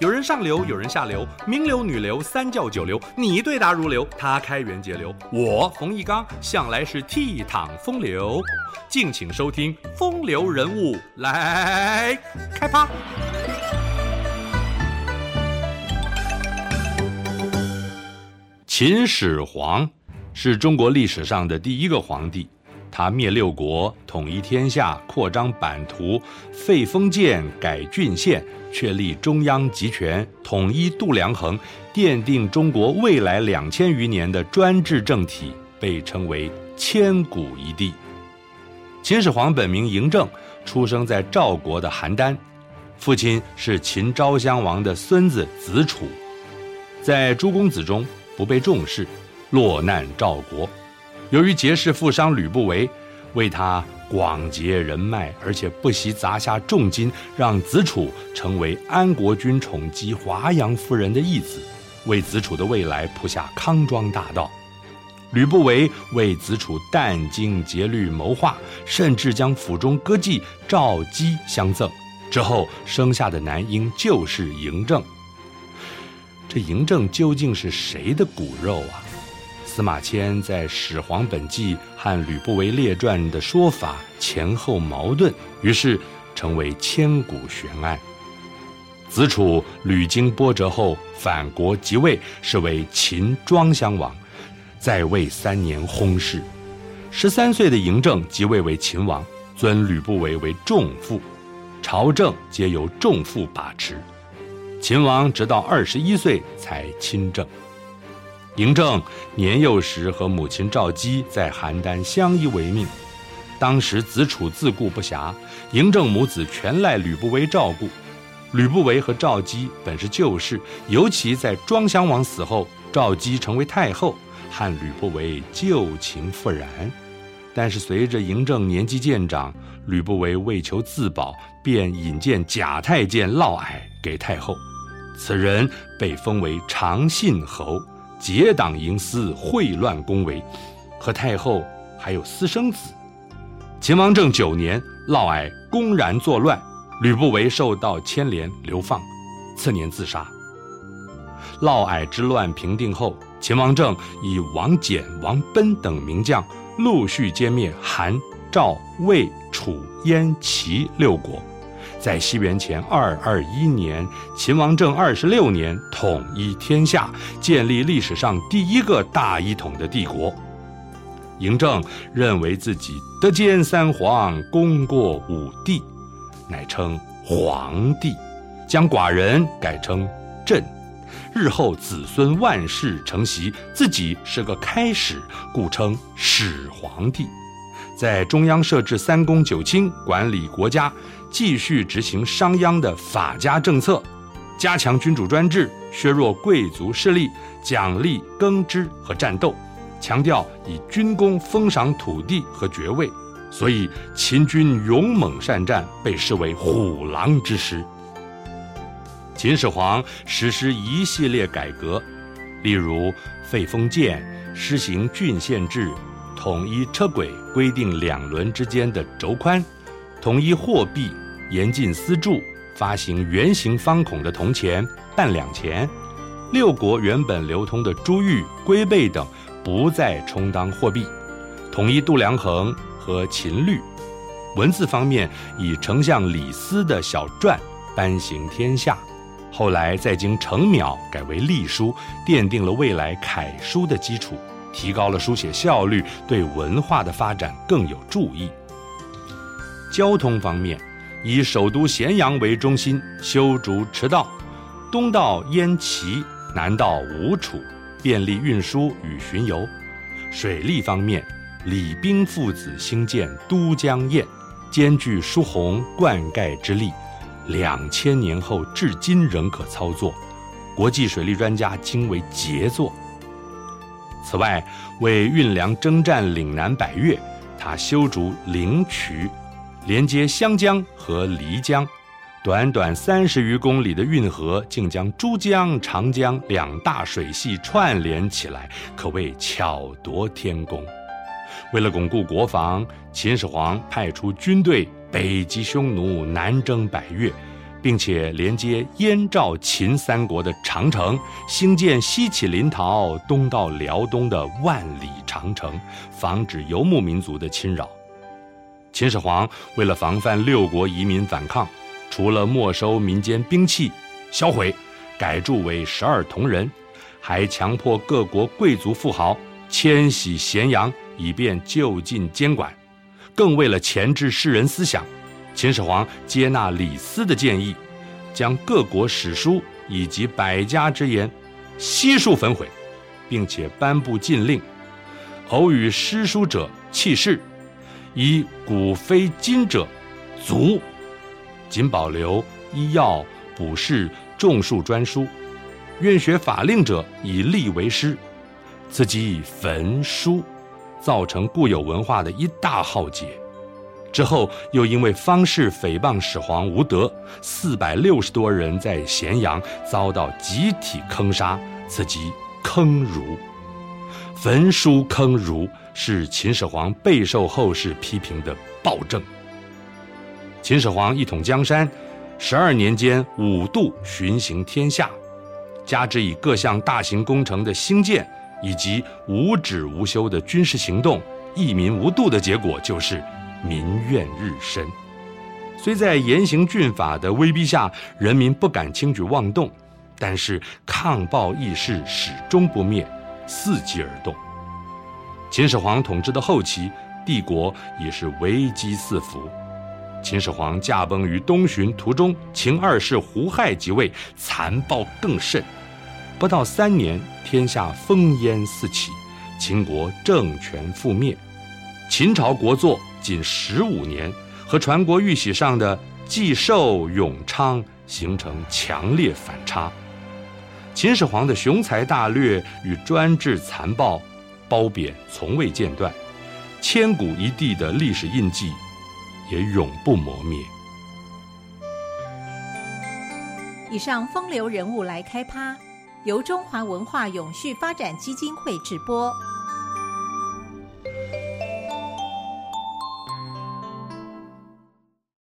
有人上流，有人下流，名流、女流、三教九流，你對答如流，他開源節流，我馮翊綱向來是倜儻風流。敬請收聽《風流人物》來，來開趴。秦始皇是中國歷史上的第一個皇帝。他滅六國，統一天下，擴張版圖，廢封建，改郡縣，確立中央集權，統一度量衡，奠定中國未來兩千餘年的專制政體，被稱為千古一帝。秦始皇本名嬴政，出生在趙國的邯鄲，父親是秦昭襄王的孫子子楚，在諸公子中不被重視，落難趙國，由於結識富商呂不韋。為他廣結人脈，而且不惜砸下重金，讓子楚成為安國君寵姬華陽夫人的義子，為子楚的未來鋪下康莊大道。呂不韋為子楚殫精竭慮謀劃，甚至將府中歌妓趙姬相贈，之後生下的男嬰就是嬴政。這嬴政究竟是誰的骨肉啊？司馬遷在《始皇本紀》和《呂不韋列傳》的說法前後矛盾，於是成為千古懸案。子楚屢經波折後返國即位，是為秦莊襄王，在位三年薨逝。十三歲的嬴政即位為秦王，尊呂不韋為仲父，朝政皆由仲父把持。秦王直到二十一歲才親政。嬴政年幼時和母親趙姬在邯鄲相依為命，當時子楚自顧不暇，嬴政母子全賴呂不韋照顧。呂不韋和趙姬本是舊事，尤其在莊襄王死後，趙姬成為太後，和呂不韋舊情復燃。但是隨着嬴政年紀漸長，呂不韋為求自保，便引薦假太監嫪毐給太後，此人被封為長信侯。結黨營私、穢亂宮闈，和太后還有私生子。秦王政九年，嫪毐公然作亂，呂不韋受到牽連，流放，次年自殺。嫪毐之亂平定後，秦王政以王翦、王賁等名將，陸續殲滅韓、趙、魏、楚、燕、齊六國。在西元前二二一年，秦王政二十六年，統一天下，建立歷史上第一個大一統的帝國。嬴政認為自己德兼三皇，功過五帝，乃稱皇帝，將“寡人”改稱“朕”，日後子孫萬世承襲，自己是個開始，故稱始皇帝。在中央設置三公九卿管理國家，繼續執行商鞅的法家政策，加強君主專制，削弱貴族勢力，獎勵耕織和戰鬥，強調以軍功封賞土地和爵位。所以，秦軍勇猛善戰，被視為虎狼之師。秦始皇實施一系列改革，例如廢封建，施行郡縣制。統一車軌，規定兩輪之間的軸寬；統一貨幣，嚴禁私鑄，發行圓形方孔的銅錢半兩錢。六國原本流通的珠玉、龜貝等不再充當貨幣。統一度量衡和秦律。文字方面，以丞相李斯的小篆頒行天下，後來再經程邈改為隸書，奠定了未來楷書的基礎。提高了書寫效率，對文化的發展更有助益。交通方面，以首都咸陽為中心，修築馳道，東到燕齊，南到吳楚，便利運輸與巡遊。水利方面，李冰父子興建都江堰，兼具疏洪灌溉之力，兩千年後至今仍可操作，國際水利專家驚為傑作。此外，為運糧征戰嶺南百越，他修築靈渠，連接湘江和漓江，短短三十餘公里的運河竟將珠江、長江兩大水系串聯起來，可謂巧奪天工。為了鞏固國防，秦始皇派出軍隊北擊匈奴，南征百越。並且連接燕趙秦三國的長城，興建西起臨洮，東到遼東的萬里長城，防止游牧民族的侵擾。秦始皇為了防範六國遺民反抗，除了沒收民間兵器、銷毀、改鑄為十二銅人，還強迫各國貴族富豪遷徙咸陽，以便就近監管。更為了鉗制世人思想，秦始皇接納李斯的建議，將各國史書以及百家之言悉數焚毀，並且頒布禁令：偶語詩書者棄市，以古非今者族，僅保留醫藥、卜筮、種樹專書。願學法令者以吏為師。此即焚書，造成固有文化的一大浩劫。之後又因為方士誹謗始皇無德，四百六十多人在咸陽遭到集體坑殺，此即坑儒。焚書坑儒是秦始皇備受後世批評的暴政。秦始皇一統江山，十二年間五度巡行天下，加之以各項大型工程的興建，以及無止無休的軍事行動，一民無度的結果就是。民怨日深，雖在嚴刑峻法的威逼下，人民不敢輕舉妄動，但是抗暴意識始終不滅，伺機而動。秦始皇統治的後期，帝國已是危機四伏。秦始皇駕崩於東巡途中，秦二世胡亥即位，殘暴更甚。不到三年，天下烽煙四起，秦國政權覆滅，秦朝國祚僅十五年，和傳國玉璽上的“既壽永昌”形成強烈反差。秦始皇的雄才大略與專制殘暴，褒貶從未間斷，千古一帝的歷史印記，也永不磨滅。以上風流人物來開趴，由中華文化永續發展基金會直播。